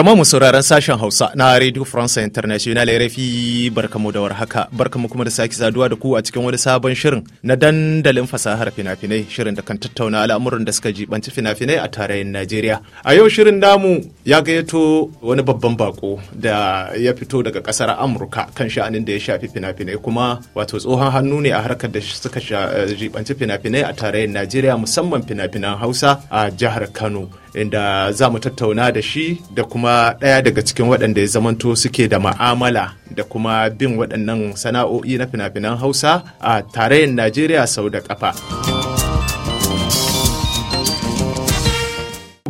Jama'a mu sauraron sashen Hausa na Radio France International RFI barkamu da warhaka barkamu kuma da sake saduwa da ku a cikin wani sabon shirin na dandalin fasahar fina-finai shirin da kan tattauna al'amuran da suka jibanci fina-finai a tarayyar Najeriya. A yau shirin namu ya gayyato wani babban bako da ya fito daga kasar Amurka kan sha'anin da ya shafi fina-finai kuma wato tsohon hannu ne a harkar da suka eh, jibanci fina-finai a tarayyar Najeriya musamman fina-finan Hausa a jihar Kano. inda za mu tattauna da shi da kuma ɗaya daga cikin waɗanda ya zamanto suke da ma'amala da kuma bin waɗannan sana'o'i na fina-finan hausa a tarayyar najeriya sau da ƙafa.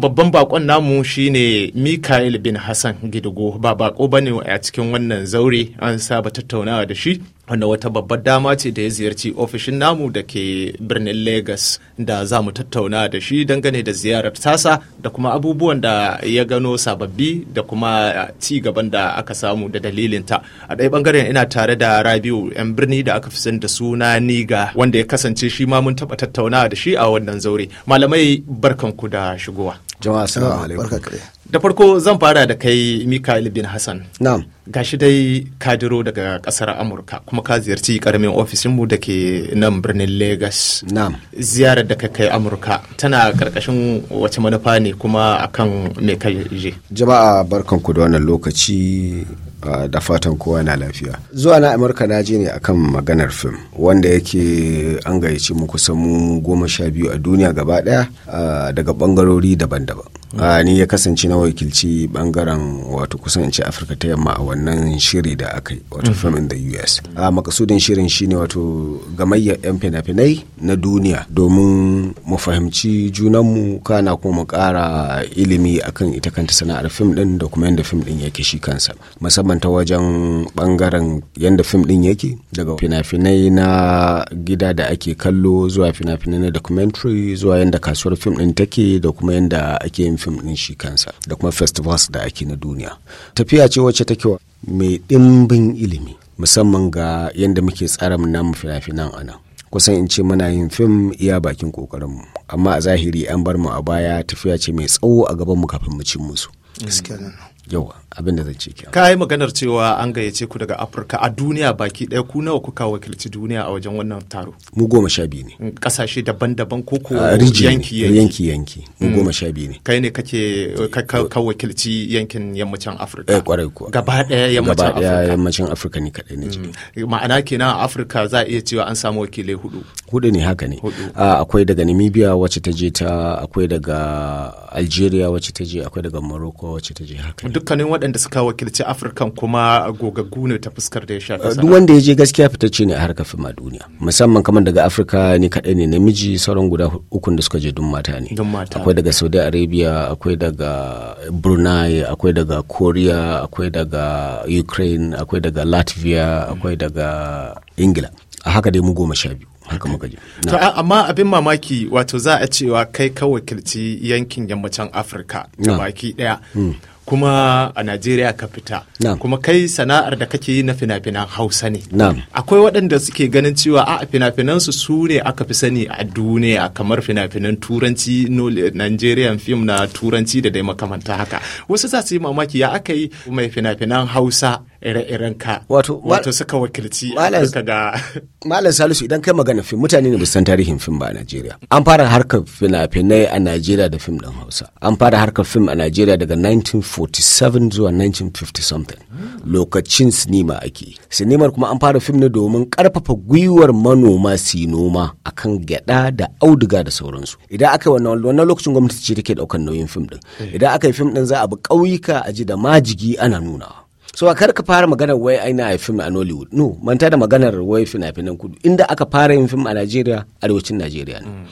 babban bakon namu shine Mikael bin Hassan Gidigo ba bako bane a cikin wannan zaure an saba tattaunawa da shi wanda wata babbar dama ce da ya ziyarci ofishin namu da ke birnin Legas da za mu tattauna da shi dangane da ziyarar tasa da kuma abubuwan da ya gano sababbi da kuma ci gaban da aka samu da dalilinta. A ɗaya bangaren ina tare da Rabiu 'yan birni da aka fi da suna Niga wanda ya kasance shi ma mun taɓa tattauna da shi a wannan zaure. Malamai barkanku da shigowa. Jama'a da farko zan fara da kai mikael bin hassan na'am gashi dai kadiro daga kasar amurka kuma ka ziyarci karamin ofishinmu da ke nan birnin legas na'am ziyarar da kai amurka tana karkashin wace manufa ne kuma akan me kai je jama'a barkanku da wannan lokaci da fatan kowa na lafiya zuwa na amurka na je ne akan maganar fim wanda yake an gayyaci mu kusan mu goma sha biyu a duniya gaba daya daga bangarori daban-daban ni ya kasance na wakilci bangaren wato kusan ce afirka ta yamma a wannan shiri da aka yi wato mhm. film in the us a makasudin shirin shine wato gamayyar yan fina-finai na duniya domin mu fahimci junanmu kana kuma mu kara ilimi akan ita kanta sana'ar fim din da kuma yadda fim din yake shi kansa musamman ta wajen bangaren yadda fim din yake daga fina-finai na gida da ake kallo zuwa fina-finai na documentary zuwa yadda kasuwar fim din take da kuma yadda ake yin fim din shi kansa da kuma festivals da ake na duniya tafiya ce wacce take mai ɗimbin ilimi musamman ga yadda muke tsara namu fina-finan a nan kusan in ce muna yin fim iya bakin kokarin mu. amma a zahiri an bar mu a baya tafiya ce mai tsawo a gaban mu kafin mu ci musu yawa abin da zan ce kenan kai maganar cewa an gayyace ku daga Afirka a duniya baki ɗaya ku nawa kuka wakilci duniya a wajen wannan taro mu goma sha biyu ne kasashe mm, daban-daban ko ko ah, yanki yanki yanki mu mm. goma sha biyu ne kai ne kake ka wakilci yankin yammacin Afirka eh kwarai ko gaba ɗaya yammacin Afirka gaba ɗaya yammacin Afirka ne kadai ne mm. ma'ana kenan a Afirka za a iya cewa an samu wakilai hudu hudu ne haka ne ah, akwai daga Namibia wacce ta je ta akwai daga Algeria wacce ta je akwai daga Morocco wacce ta je haka dukkanin waɗanda suka wakilci afirka kuma gogaggu ne ta fuskar da ya shafi duk wanda ya je gaskiya fitacce ne a harkar fima duniya musamman kamar daga afirka ne kaɗai ne namiji sauran guda ukun da suka je dun mata ne akwai daga saudi arabia akwai daga brunei akwai daga korea akwai daga ukraine akwai daga latvia akwai daga ingila a haka dai mu goma sha biyu haka muka ji. To amma abin mamaki wato za a cewa kai ka wakilci yankin yammacin Afirka baki daya. Hmm. kuma a Najeriya ka fita. Kuma kai sana'ar da kake yi na fina-finan Hausa ne. Akwai waɗanda suke ganin cewa a fina-finansu su ne aka fi sani a duniya kamar fina-finan Turanci, Nigerian film na Turanci da dai makamanta haka. Wasu za su yi mamaki ya aka yi mai fina-finan Hausa ire wato wato suka wakilci Afirka ga Malam Salisu idan kai magana fim mutane ne san tarihin fim ba a Najeriya an fara harkar fina-finai a Najeriya da fim ɗin Hausa an fara harkar fim a Najeriya daga 1947 zuwa 1950 something lokacin sinima ake sinimar kuma an fara fim ne domin karfafa gwiwar manoma su noma akan gyada da auduga da sauransu idan aka yi wannan lokacin gwamnati ce take daukan nauyin fim din eh. idan aka yi fim din za a bi ƙauyuka a ji da majigi ana nunawa so a kar ka fara maganar wai aina a fim a nollywood no manta da maganar wai fina-finan kudu inda aka fara yin fim a najeriya arewacin najeriya ne mm.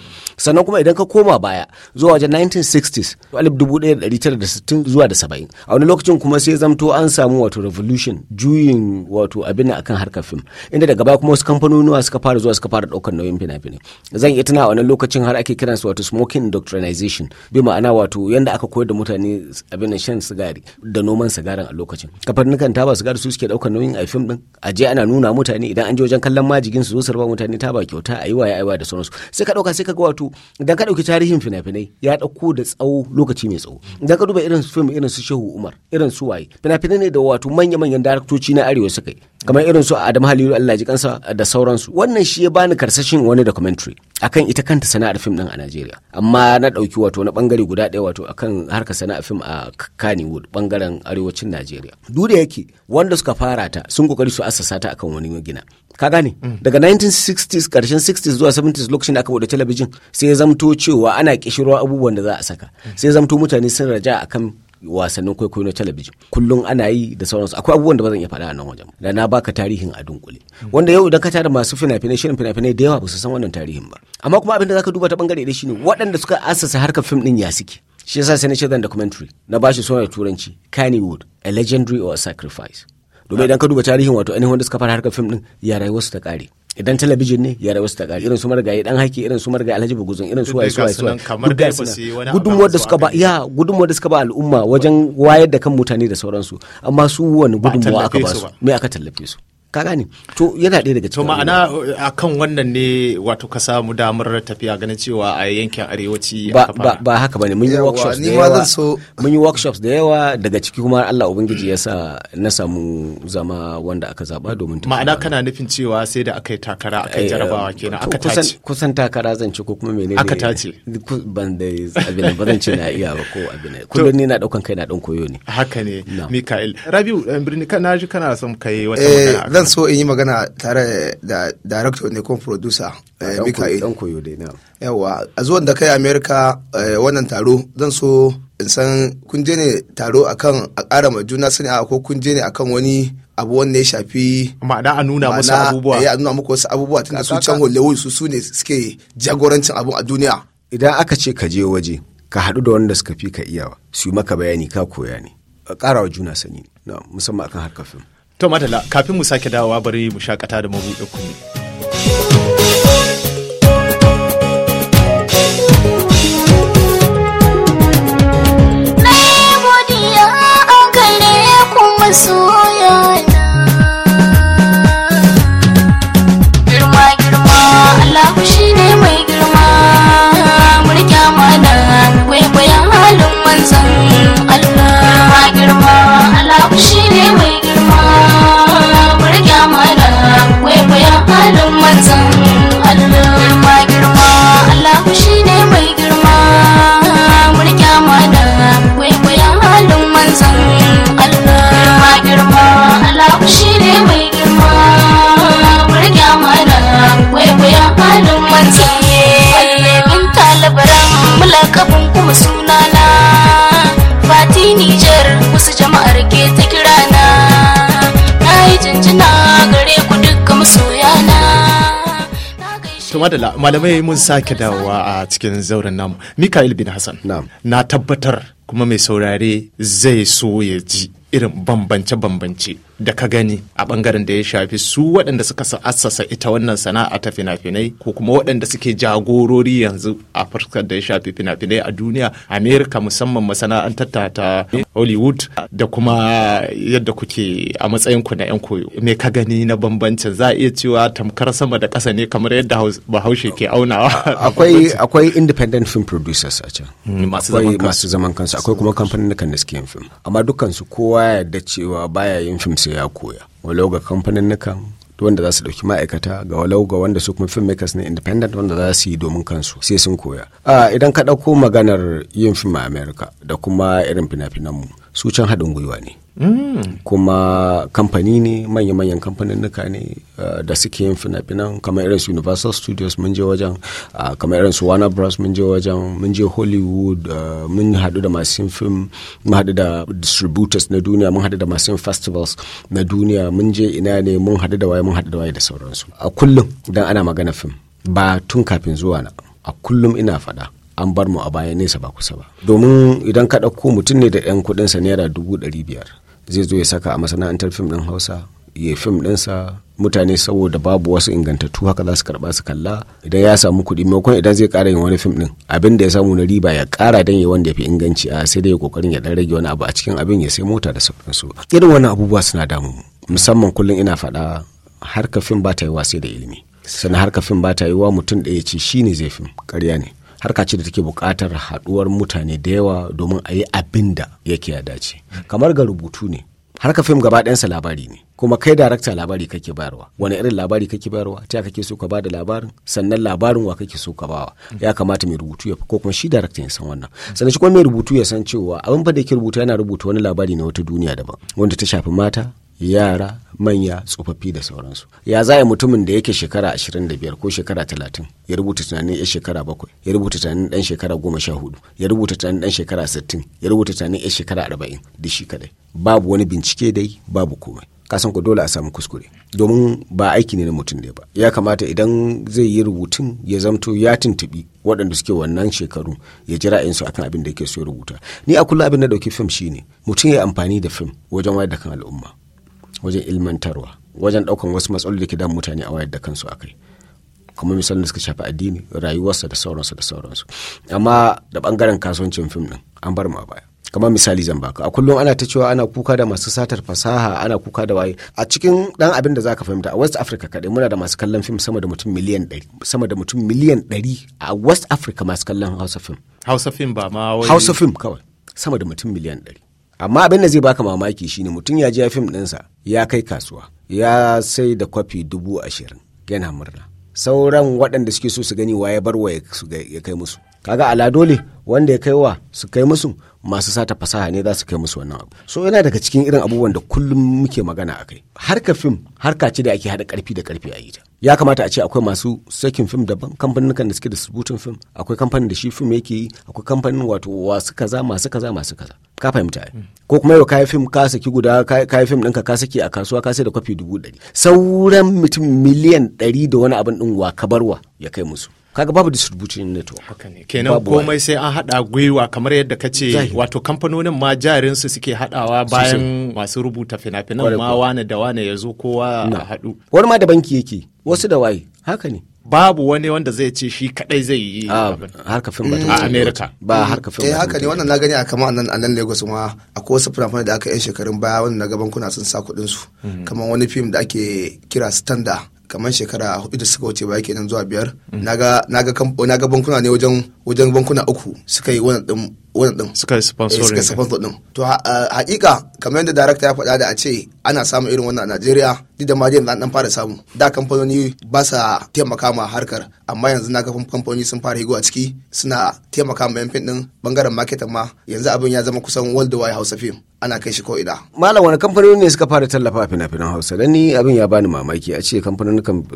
sannan kuma idan ka koma baya zuwa wajen 1960s 1960 zuwa da 70 a wani lokacin kuma sai zamto an samu wato revolution juyin wato abin akan harkar fim inda daga baya kuma wasu kamfanonuwa suka fara zuwa suka fara daukar nauyin fina-finai zan iya tuna a wani lokacin har ake kiransu wato smoking indoctrination bi ma'ana wato yanda aka koyar da mutane abin shan sigari da noman sigarin a lokacin kafarnukan taba sigari su suke daukar nauyin a fim din a je ana nuna mutane idan an je wajen kallon majigin su zo su raba mutane taba kyauta a yi waya aiwa da sauransu sai ka dauka sai ka ga wato idan ka ɗauki tarihin fina-finai ya ɗauko da tsawo lokaci mai tsawo idan ka duba irin su fim irin su shehu umar irin su waye fina-finai ne da wato manya-manyan daraktoci na arewa suka yi kamar irin su adamu halilu allah ji kansa da sauransu wannan shi ya bani karsashin wani documentary akan ita kanta sana'ar fim din a najeriya amma na ɗauki wato na bangare guda ɗaya wato akan harkar sana'ar fim a kannywood bangaren arewacin najeriya duk da yake wanda suka fara ta sun kokari su assasa ta akan wani gina ka gane daga 1960s karshen 60s zuwa 70s lokacin da aka bude talabijin sai ya zamto cewa ana kishirwa abubuwan da za a saka sai ya zamto mutane sun raja akan wasannin kwaikwayo na talabijin kullum ana yi da sauransu akwai abubuwan da ba zan iya faɗa a nan wajen da na baka tarihin a dunkule wanda yau idan ka tara masu fina-finai shirin fina-finai da yawa ba su san wannan tarihin ba amma kuma abin da zaka duba ta bangare shi shine waɗanda suka asasa harkar fim din ya suke shi yasa sai na ce zan documentary na bashi suna da turanci wood a legendary or a sacrifice domin idan ka duba tarihin wato ainihin wanda suka fara harkar fim din ya rayuwar su ta kare idan talabijin ne ya rayuwar su ta kare irin su margaye dan haki irin su margaye alhaji buguzun irin su waye su waye su gudunmuwar da suka ba ya gudun wanda suka ba al'umma wajen wayar da kan mutane da sauransu amma su wani gudunmuwa aka ba su me aka tallafe su ka gane to yana ɗaya daga cikin to ma'ana akan eh, wannan ne wato ka samu damar tafiya ganin cewa a yankin arewaci ba ba, ba haka bane mun yi workshops da yawa mun yi workshops da yawa daga ciki kuma Allah ubangiji ya sa na samu zama wanda aka zaba domin ma'ana kana nufin cewa sai da aka yi takara aka yi eh, jarabawa kenan aka tace kusan takara zan ci ko kuma menene aka tace ban da abin ba zan ce na iya ba ko abin kullum ni na daukan kai na dan koyo ne haka ne Mikael Rabiu Birni kana ji kana son kai wata eh, magana zan so in yi magana tare da director ne ko producer eh, Mikael. Dan koyo dai na. Yawa, a zuwan da kai America eh, wannan taro zan so in san kun je ne taro akan a ƙara ma juna sani ko kun je ne akan wani abu wanda ya shafi ma'ana a nuna musu abubuwa ya eh, nuna muku wasu abubuwa tunda su can Hollywood su su ne suke jagorancin abun a duniya idan aka ce ka je waje ka haɗu da wanda suka fi ka iyawa su yi maka bayani ka koya ne ƙara wa juna sani musamman akan harkar fim To Madala, kafin mu sake dawowa bari mu shakata da mabuɗin kunne. Na to da malamai mun sake dawowa a cikin zauren namu mikael bin hassan na tabbatar kuma mai saurare zai so ya ji irin bambance-bambance da ka gani a bangaren da ya shafi su waɗanda suka assasa ita wannan sana'a ta fina-finai ko kuma waɗanda suke jagorori yanzu a fuskar da ya shafi fina-finai a duniya amerika musamman masana'antar ta hollywood da kuma yadda kuke a matsayin ku na yan koyo me ka gani na bambancin za a iya cewa tamkar sama da ƙasa ne kamar yadda bahaushe ke aunawa akwai akwai independent film producers a can mm, masu zaman kansu akwai kuma kamfanin da suke yin film amma dukkan kowa ya cewa baya yin film ya koya walau ga kamfanin wanda za su ɗauki ma'aikata ga walau ga wanda su kuma filmmakers ne independent wanda za su yi domin kansu sai sun koya a idan ka ɗauko maganar yin fim a america da kuma irin fina-finanmu su can haɗin gwiwa ne Mm. kuma kamfani ne manya-manyan kamfaninnika ne eh, da suke yin fina-finan kamar irin su universal studios mun je wajen ah, kamar irin su warner bros mun je wajen mun je hollywood eh, mun haɗu da masu film mun haɗu da distributors na duniya mun haɗu da masu festivals na duniya mun je ina ne mun haɗu da waye mun haɗu da waye da sauransu a kullum dan ana magana film ba tun kafin zuwa na a kullum ina faɗa an bar mu a baya nesa ba kusa ba domin idan ka ɗauko mutum ne da 'yan kuɗinsa naira dubu ɗari biyar zai zo ya saka a masana'antar fim din hausa ya fim ɗinsa mutane saboda babu wasu ingantattu haka za su karba su kalla idan ya samu kuɗi maimakon idan zai ƙara yin wani fim ɗin abin da ya samu na riba ya ƙara dan ya wanda ya fi inganci a sai dai kokarin ya dan rage wani abu a cikin abin ya sai mota da sauransu irin wannan abubuwa suna damu musamman kullum ina faɗa harka fim ba ta yi sai da ilimi sannan harka fim ba ta yi wa mutum ɗaya ce shine zai fim karya ne harka ce da take buƙatar haɗuwar mutane da yawa domin a yi abin da yake ya dace kamar ga rubutu ne harka fim gaba ɗansa labari ne kuma kai darakta labari kake bayarwa wani irin labari kake bayarwa ta kake so ka ba da labarin sannan labarin wa kake so ka bawa ya kamata mai rubutu ya ko kuma shi darakta ya san wannan sannan shi kuma mai rubutu ya san cewa abin fa da yake rubuta yana rubuta wani labari na wata duniya daban wanda ta shafi mata yara manya tsofaffi da sauransu ya zaya mutumin da yake shekara biyar ko shekara talatin ya rubuta tunanin ya shekara bakwai ya rubuta tunanin dan shekara hudu ya rubuta tunanin dan shekara sittin ya rubuta tunanin ya shekara arba'in da shi kadai babu wani bincike dai babu komai kasan ku dole a samu kuskure domin ba aiki ne na mutum da ba ya kamata idan zai yi rubutun ya zamto ya tuntubi waɗanda suke wannan shekaru ya ji su akan abin da yake so rubuta ni a kullum abin da dauki fim shine mutum ya amfani da fim wajen wayar da kan al'umma wajen ilmantarwa wajen ɗaukan wasu matsaloli da ke damun mutane a wayar da kansu akai kuma misalin da suka shafi addini rayuwarsa da sauransu da sauransu amma da bangaren kasuwancin fim din an bar ma baya kamar misali zan baka a kullum ana ta cewa ana kuka da masu satar fasaha ana kuka da waye a cikin dan abin da zaka fahimta a West Africa kadai muna da masu kallon fim sama da mutum miliyan 100 sama da mutum miliyan 100 a West Africa masu kallon Hausa fim. Hausa fim ba ma wai Hausa fim kawai sama da mutum miliyan 100 amma abin da zai baka mamaki shine mutum ya je fim ɗinsa ya kai kasuwa ya sai da kwafi dubu ashirin yana murna sauran waɗanda suke so su gani wa ya bar wa ya kai musu kaga ala dole wanda ya kai wa su kai musu masu sata fasaha ne za su kai musu wannan abu so yana daga cikin irin abubuwan da kullum muke magana a kai harka fim harka ce da ake haɗa ƙarfi da ƙarfi a ita ta ya kamata a ce akwai masu sakin fim daban kamfanin da suke da subutun fim akwai kamfanin da shi fim yake yi akwai kamfanin wato wasu kaza masu kaza masu kaza ka fahimta ko kuma yau kayi fim ka saki guda kayi fim ɗinka ka saki a kasuwa ka sai da kwafi dubu ɗari sauran mutum miliyan ɗari da wani abin ɗin wa kabarwa ya kai musu kaga babu distribution network kenan komai sai an hada gwiwa kamar yadda ka ce wato kamfanonin ma jarin su suke haɗawa bayan masu rubuta fina-finan ma wane da wane ya zo kowa a hadu wani ma da banki yake wasu da waye haka ne babu wani wanda zai ce shi kadai zai yi ah, harka a america ba harka fim eh haka ne wannan na gani a kama nan a nan lagos ma akwai wasu fina da aka yi shekarun baya wanda na ga bankuna sun sa kuɗin su mm. kamar wani fim da ake kira standa kamar shekara hudu da suka wuce baya kenan zuwa biyar mm. naga naga bankuna ne wajen bankuna uku suka yi wannan din wannan din suka yi sponsor eh, sponsor din to haƙiƙa eh, kamar yadda director ya faɗa da a ce ana samun irin wannan a Najeriya duk da ma dai an dan fara samu da kamfanoni ba sa taimaka ma harkar amma yanzu na kafin kamfanoni sun fara higo a ciki suna taimaka ma yan fim din bangaren marketing ma yanzu abin ya zama kusan world wide Hausa film ana kai shi ko ina malam wani kamfanoni ne suka fara tallafa fina-finan Hausa dan ni abin ya bani mamaki a ce kan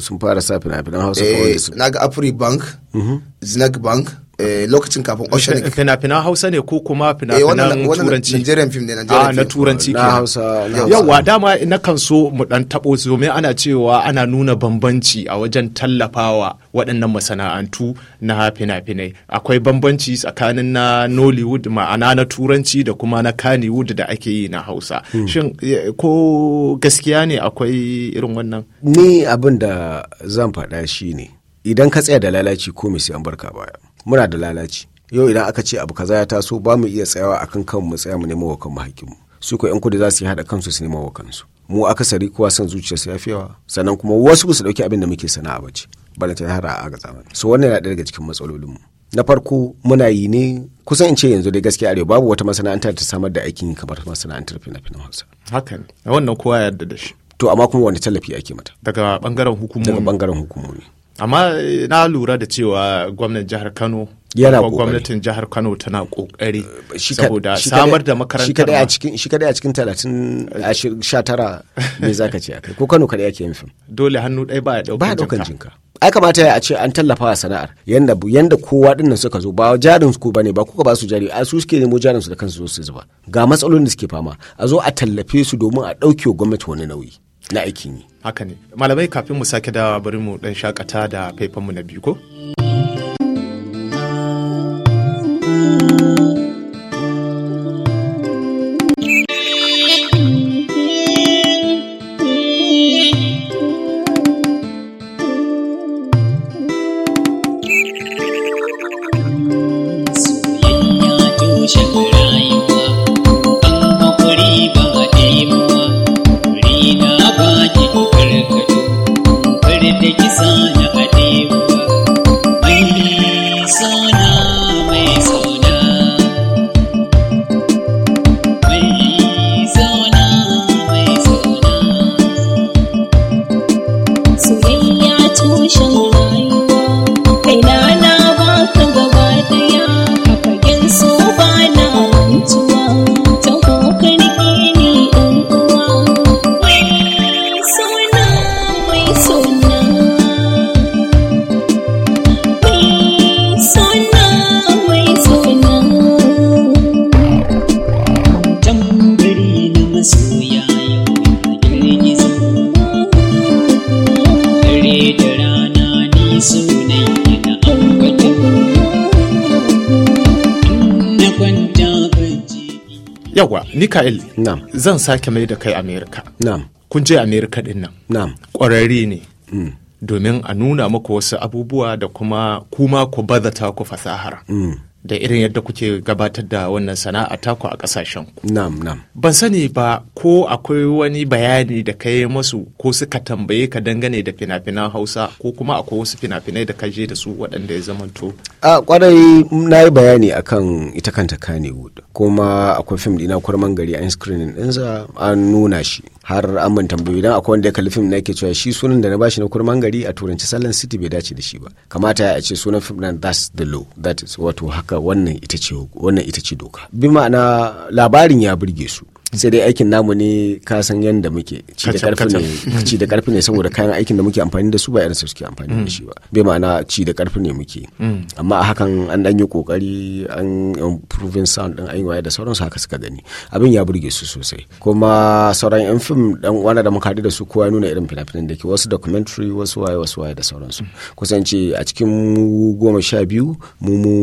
sun fara sa fina-finan Hausa eh, su. na ga Afri Bank mhm. Zinag Bank Eh, lokacin kafin oceanic fina-finan hausa ne ko kuma fina-finan eh, turanci nigerian film ne nigerian ah, film. na turanci na hausa yawa dama na kan so mu dan tabo domin ana cewa ana nuna bambanci a wajen tallafawa waɗannan masana'antu na fina-finai akwai bambanci tsakanin na nollywood ma'ana na turanci da kuma na kannywood da ake yi na hausa hmm. shin ko gaskiya ne akwai irin wannan ni abin da zan faɗa shi ne idan ka tsaya da lalaci ko mai sai an barka baya muna da lalaci yau idan aka ce abu kaza ya taso ba mu iya tsayawa akan kanmu mu tsaya mu nemo wa kanmu haƙƙinmu su ko yan kudu za su yi haɗa kansu su nemo wa kansu mu akasari kowa son su ya fi yawa sannan kuma wasu ba su ɗauki abin da muke sana'a ba ce bala ta hara a agaza mana so wannan yana ɗaya daga cikin matsalolinmu na farko muna yi ne kusan in ce yanzu dai gaskiya arewa babu wata masana'anta ta samar da aikin yi kamar masana'antar fina-finan hausa hakan wannan kowa ya yarda da shi to amma kuma wani tallafi ake mata daga bangaren hukumomi daga bangaren hukumomi amma eh, na lura da cewa gwamnan jihar kano yana kokari gwamnatin jihar Kano tana kokari eh, saboda samar da makarantar shi a cikin talatin kadai a cikin 30 me zaka ce kai ko Kano kadai ake yin fim dole hannu dai ba ya daukan ba jinka ai kamata a ce an tallafa wa sana'ar yanda yanda kowa nan suka zo ba jarin su bane ba kuka ba su jari a su suke nemo jarin su da kansu zo su zuba ga matsalolin da suke fama a zo a tallafe su domin a dauke wa gwamnati wani nauyi na aikin yi haka ne malamai kafin mu sake dawa bari mu dan shakata da faifanmu na biyu ko yadda kisa na yawa Mikael zan sake mai da kai Amerika. Kun je Amerika din nan. ne. Mm. Domin a nuna muku wasu abubuwa da kuma kuma ku bazata ku fasahar. Mm. da irin yadda kuke gabatar da wannan sana'a taku a kasashen ku. Ban sani ba ko akwai wani bayani da ka yi masu ko suka tambaye ka dangane da fina-finan Hausa ko kuma akwai wasu fina-finai da ka je da su waɗanda ya zamanto a kwarai na yi bayani akan ita kanta kannywood kuma akwai fim dina kurman gari an screening za an nuna shi har an ban tambayi idan akwai wanda ya kalli fim na ke cewa shi sunan da na bashi na kurman gari a turanci salon city bai dace da shi ba kamata ya ce sunan fim nan that's the law that is wato haka wannan ita ce wannan ita ce doka bi ma'ana labarin ya burge su sai dai aikin namu ne ka san yadda muke ci da karfi ne ci da karfi ne saboda kayan aikin da muke amfani da su ba irin su suke amfani da mm. shi ba bai ma'ana ci da karfi ne muke mm. amma a hakan an dan yi kokari an improving sound din ayyuwa da sauransu haka suka gani abin ya burge su sosai kuma sauran yan film dan wanda da muka da su kowa nuna irin fina-finan da ke wasu documentary wasu waye wasu waye da sauransu mm. kusance a cikin mu goma sha biyu mu mu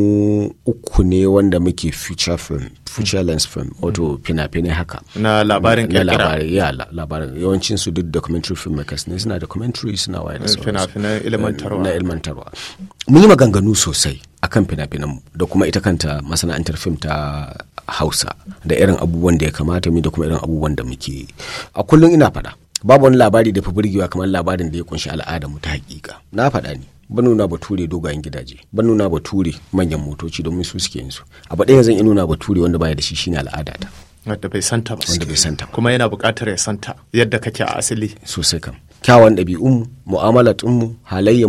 uku ne wanda muke feature film feature lens film wato fina-finai haka na labarin na labarin ya labarin yawancin su duk documentary filmmakers ne suna documentary suna waye da fina eh, ilmantarwa na ilmantarwa mun yi maganganu sosai akan fina-finan da kuma ita kanta masana'antar fim ta hausa da irin abubuwan da ya kamata mu da kuma irin abubuwan da muke a kullum ina faɗa babu wani labari da fi burgewa kamar labarin da ya kunshi mu ta hakika na faɗa ne ban nuna bature dogayen gidaje ban nuna bature manyan motoci domin su suke yin su abu ɗaya zan iya nuna bature wanda baya da shi shine al'adata wanda bai santa ba wanda bai kuma yana buƙatar ya santa yadda kake a asali sosai kam kyawun ɗabi'unmu mu'amalatunmu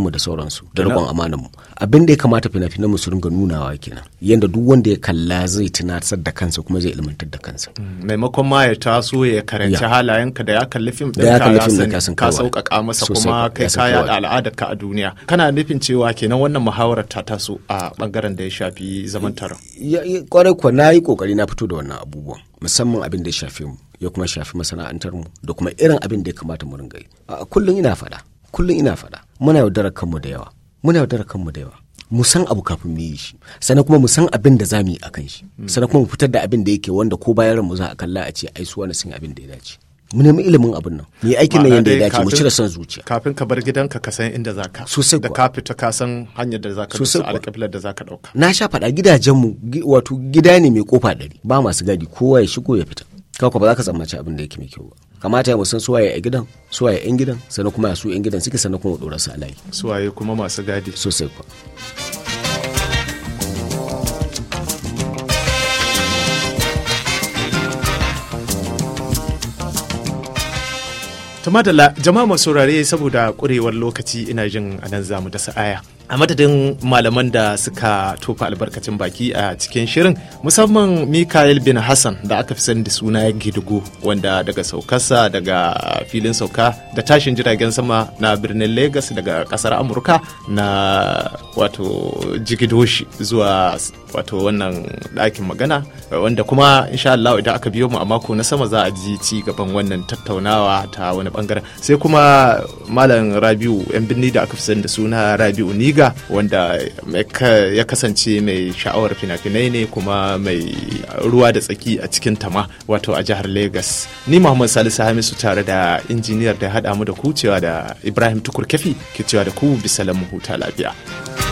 mu da sauransu da riƙon amanarmu abin da ya kamata fina-finanmu su ringa nunawa kenan yadda duk wanda ya kalla zai tunatar da kansa kuma zai ilmantar da kansa mm, maimakon ma ya taso ya karanci halayenka da ya kalli fim da ya kalli fim da ka sauƙaƙa masa kuma kai ka da al'adar ka a duniya kana nufin cewa kenan wannan muhawarar ta taso a bangaren da ya shafi zaman taron kwarai kuwa na yi ƙoƙari na fito da wannan abubuwan musamman abin da ya shafi mu ya kuma shafi masana'antar mu da kuma irin abin da ya kamata mu ringa yi a kullum ina fada kullum ina fada. muna yaudarar kanmu da yawa muna yaudarar kanmu da yawa mu san abu kafin mu yi shi sannan kuma mu san abin da za mu yi kan shi hmm. sannan kuma mu fitar da abin da yake wanda ko bayan mu za a kalla a ce ai su wani sun abin da ya dace mu nemi ilimin abin nan mu yi aikin nan yadda ya dace mu cire son zuciya kafin ka bar gidanka ka san inda za ka. sosai da ka fita ka san hanyar da za ka sosai alƙiblar da za ka dauka na sha faɗa gidajenmu wato gida ne mai kofa ɗari ba masu gadi kowa ya shigo ya fita kawai ba za ka tsammaci abin da yake mai kyau ba kamata mu san suwaye a gidan suwaye yan gidan sannan kuma su yan gidan suke sannan kuma dora su alayi suwaye kuma masu gadi sosai kuwa tumadala jama'a masu saurare saboda kurewar lokaci ina jin anan zamu da aya a madadin malaman da suka tofa albarkacin baki a cikin shirin musamman mikael bin hassan da aka fi sani da suna gidugu wanda daga saukarsa daga filin sauka da tashin jiragen sama na birnin Legas daga kasar amurka na wato jigidoshi zuwa wato wannan ɗakin magana wanda kuma insha Allah idan aka biyo mu a mako na sama za a ji ci gaban wannan tattaunawa ta wani bangaren sai kuma malam rabiu yan birni da aka fi sani da suna rabiu niga Tiga wanda ya kasance mai sha'awar fina-finai ne kuma mai ruwa da tsaki a cikin tama wato a jihar Legas. Ni Muhammad Salisu Hamisu tare da injiniyar da ya haɗa mu da ku cewa da Ibrahim Tukur Kefi ke cewa da ku bisa lamu huta lafiya.